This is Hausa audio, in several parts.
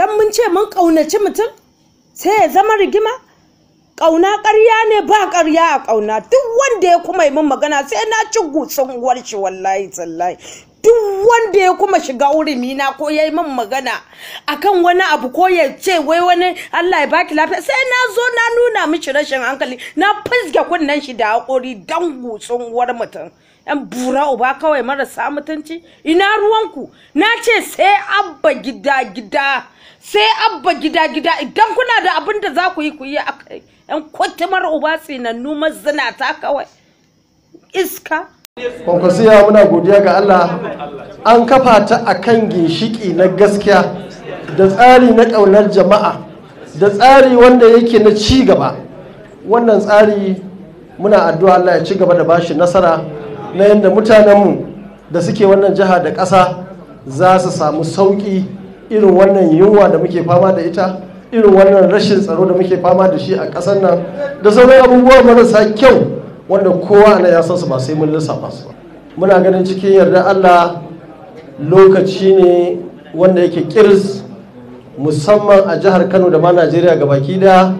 dan mun ce mun kaunaci mutum sai ya zama rigima ƙauna ƙarya ne ba ƙarya a ƙauna duk wanda ya kuma yi min magana sai na ci gutsun warshi wallahi tsallahi duk wanda ya kuma shiga urimi na ko ya yi min magana akan wani abu ko ya ce wai wani Allah ya baki lafiya sai na zo na nuna mishi rashin hankali na fizge kunnen shi da haƙuri dan gutsun war mutum yan bura uba kawai marasa mutunci ina ruwanku na ce sai abba gida gida sai abba gida gida idan kuna da abin da za ku yi ku yi a kai yan kwatamar uba tsinannu mazina ta kawai iska kwankwasiya muna godiya ga allah an kafa ta a kan ginshiki na gaskiya da tsari na ƙaunar jama'a da tsari wanda yake na ci gaba wannan tsari muna addu'a allah ya ci gaba da bashi nasara na yadda mutanenmu da suke wannan jiha da ƙasa za su samu sauƙi irin wannan yunwa da muke fama da ita irin wannan rashin tsaro da muke fama da shi a ƙasar nan da sauran abubuwa marasa kyau wanda kowa na ya san su ba sai mun lissafa su ba muna ganin cikin yarda Allah lokaci ne wanda yake kirs musamman a jihar Kano da ma Najeriya baki da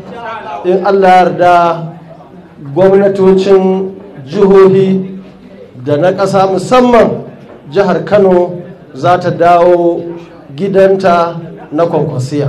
in Allah yarda gwamnatocin jihohi da na ƙasa musamman jihar Kano za ta dawo gidanta na kwankwasiya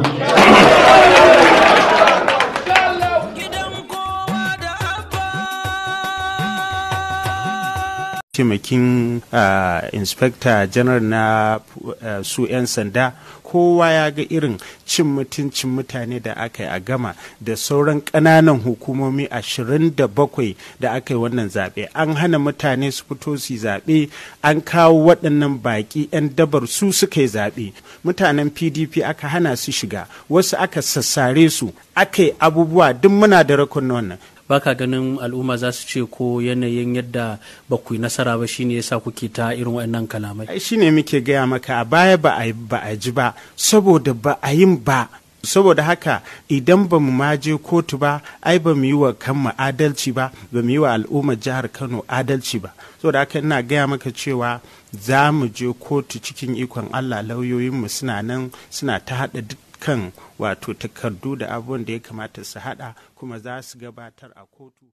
taimakin ah, inspector general na eh, su 'yan sanda kowa ya ga irin cin mutuncin mutane da aka yi a gama da sauran ƙananan hukumomi 27 da aka yi wannan zaɓe an hana mutane su fito su zaɓe an kawo waɗannan baƙi 'yan dabar su suka yi zaɓe mutanen pdp aka hana su shiga wasu aka sassare su aka yi abubuwa duk muna da rakon wannan baka ganin al'umma za su ce ko yanayin yadda ba ku nasara ba shine yasa kuke ta irin waɗannan kalamai ai shine muke gaya maka a baya ba a ba a ji ba saboda ba a yin ba saboda haka idan ba mu maje kotu ba ai ba mu yi wa kanmu adalci ba ba mu yi wa al'ummar jihar Kano adalci ba saboda haka ina gaya maka cewa za mu je kotu cikin ikon Allah lauyoyinmu suna nan suna ta haɗa duk kan wato takardu da abubuwan da ya kamata su haɗa kuma za su gabatar a kotu.